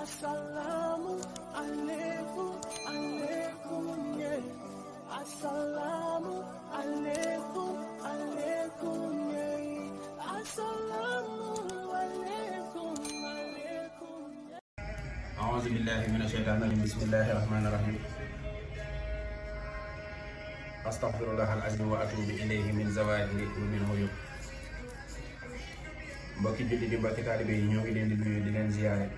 Assalamu alaikum, alaikum, yeah. Assalamu alaikum, alaikum, yeah. Assalamu alaikum, alaikum, yeah. أعوذ بالله من الشيطان الرجيم بسم الله الرحمن الرحيم أستغفر الله العظيم وأتوب إليه من زوال من عيوب mbokki julli di mbokki taalibe ñoo ngi leen di nuyu di leen ziyaare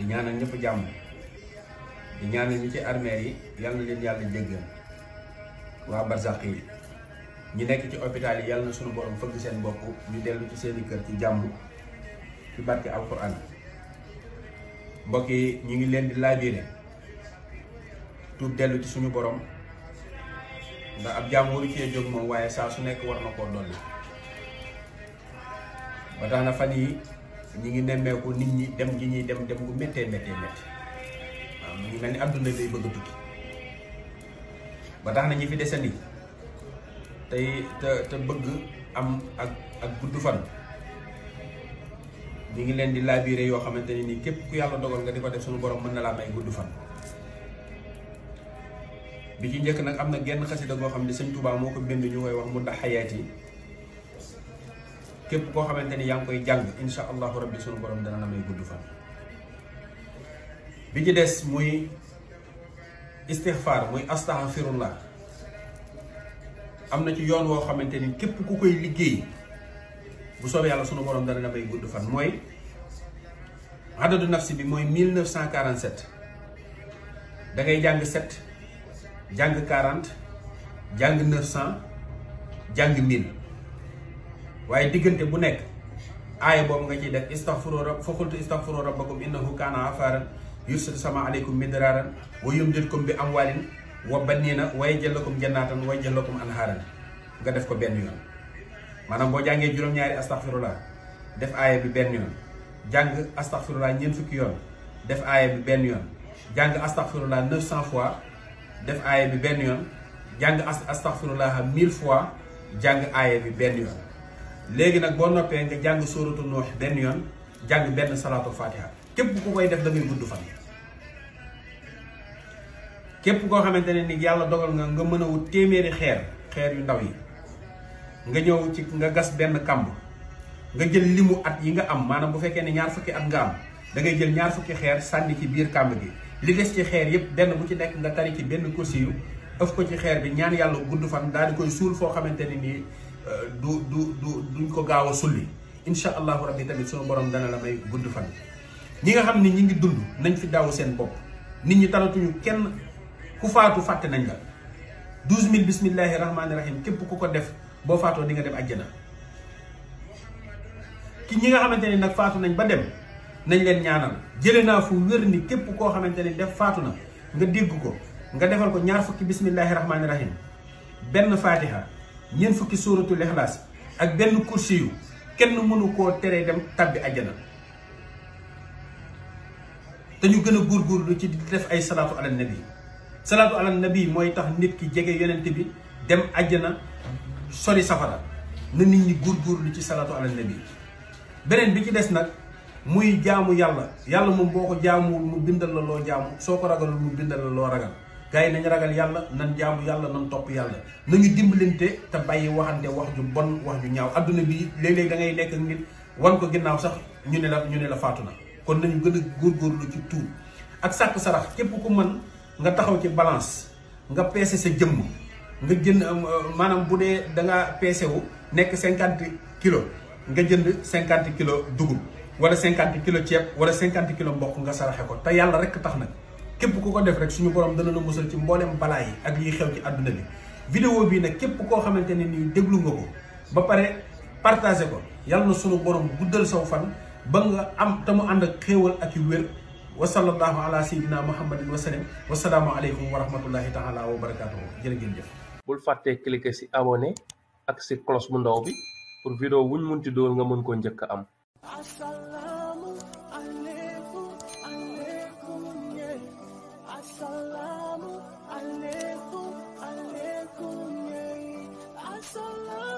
di ñaanal ñëpp jàmm di ñaanal ñi ci armée yi yal na leen yàlla jéggal waa barsàq yi ñu nekk ci hôpital yi yal na sunu borom fëgg seen bopp ñu dellu ci seeni kër ci jàmm ci barke alquran mbokk yi ñu ngi leen di laabire tuub dellu ci suñu borom ndax ab jàmm waru cee jóg moom waaye saa su nekk war na koo dolli ba tax na fan yi ñi ngi nemmeeku nit ñi dem gi ñuy dem dem gu méttee méttee métti waaw mu ngi mel ni bëgg tukki ba tax na ñi fi te te bëgg am ak ak gudd fan ñi ngi leen di laabiré yoo xamante ni képp ku yàlla dogal nga def suñu borom may fan bi ci am genn xasida goo xam ne sëñ Tuubaa ñu koy wax képp koo xamante ni yaa ngi koy jàng insha allahu rabbi sunu borom dana la may gudd fan bi ci des muy istixfaar muy astaxfirullah am na ci yoon woo xamante ni képp ku koy liggéey bu soobee yàlla sunu borom dana la may gudd fan mooy adadu nafsi bi mooy 1947 da ngay jàng 7 jàng 40 jàng 900 jàng 1000. waaye diggante bu nekk aaya boobu nga ciy def istaxfiru rab fa qultu istaxfiru rabbakum innahu kaana afaaran yursil sama aleykum wa yumdidkum bi amwaalin wa baniina wa yaj'al lakum jannaatan wa yaj'al nga def ko benn maanaam boo jàngee juróom-ñaari astaxfirullah def aaya bi benn yoon jàng astaxfirullah ñeent fukki yoon def aaya bi benn yoon jàng astaxfirullah 900 fois def aaya bi benn yoon jàng astaxfirullah 1000 fois jàng aaya bi benn yoon léegi nag boo noppee nga jàng sóoratu noox benn yoon jàng benn salaatul fatiha képp ku koy def dangay ngay gudd fan képp koo xamante ne ni yàlla dogal nga nga mën a wut téeméeri xeer xeer yu ndaw yi nga ñëw ci nga gas benn kàmb nga jël limu at yi nga am maanaam bu fekkee ne ñaar fukki at nga am da jël ñaar fukki xeer sànni ci biir kàmb gi li des ci xeer yépp benn bu ci nekk nga tari ci benn kursi yu ëf ko ci xeer bi ñaan yàlla gudd fan daal di koy foo xamante ne nii du du du duñ ko gaaw a sulli incha allahu rabbi tamit sunu borom dana la may gudd fan. ñi nga xam ne ñi ngi dund nañ fi daaw seen bopp nit ñi talatuñu kenn ku faatu fàtte nañ la douze mille bismillahi rahmaani rahim képp ku ko def boo faatoo di nga dem àjjana ki ñi nga xamante ni nag faatu nañ ba dem nañ leen ñaanal jëlee naa fu wér ni képp koo xamante ni def faatu na nga dégg ko nga defal ko ñaar fukki bismillahi rahmaani rahim benn faatiha ñeent fukki suuratul ixlaas ak benn kursi yu kenn mënu koo teree dem tabbi àjjana dañu ñu gën a lu ci di def ay salaatu ala nabi salaatu ala nabi mooy tax nit ki jege yonent bi dem àjjana sori safara na nit ñi góorgóorlu ci salaatu ala nabi beneen bi ci des nag muy jaamu yàlla yàlla moom boo ko jaamuwul mu bindal la loo jaamu soo ko ragalul mu bindal la loo ragal gars nañ nañu ragal yàlla nan jaamu yàlla nan topp yàlla ñu dimbalante te bàyyi waxante wax ju bon wax ju ñaaw adduna bi léeg-léeg da ngay nekk ak nit wan ko ginnaaw sax ñu ne la ñu ne la faatu na kon nañu gën a góorgóorlu ci tuub ak sàkk sarax képp ko mën nga taxaw ci balance nga peese sa jëmm nga jënd euh, maanaam bu dee da nga peese nekk cinquante kilo nga jënd cinquante kilo dugub wala cinquante kilo ceeb wala cinquante kilo mboq nga saraxe ko te yàlla rek tax nag képp ku ko def rek suñu borom dana la musal ci mboolem balaa ak yi xew ci àdduna bi vidéo bii nag képp koo xamante déglu nga ko ba ko na borom guddal saw fan ba nga am te mu ak xéewal ak wa sallallahu ala sayyidina wa sallam wa alaykum wa rahmatullahi taala wa barakatuhu jërë ngeen jëf bul cliquer si abonné ak si cloche bu ndaw bi pour vidéo wuñ nga mën am Assalamu alaikum, alaikum, yeah. Assalamu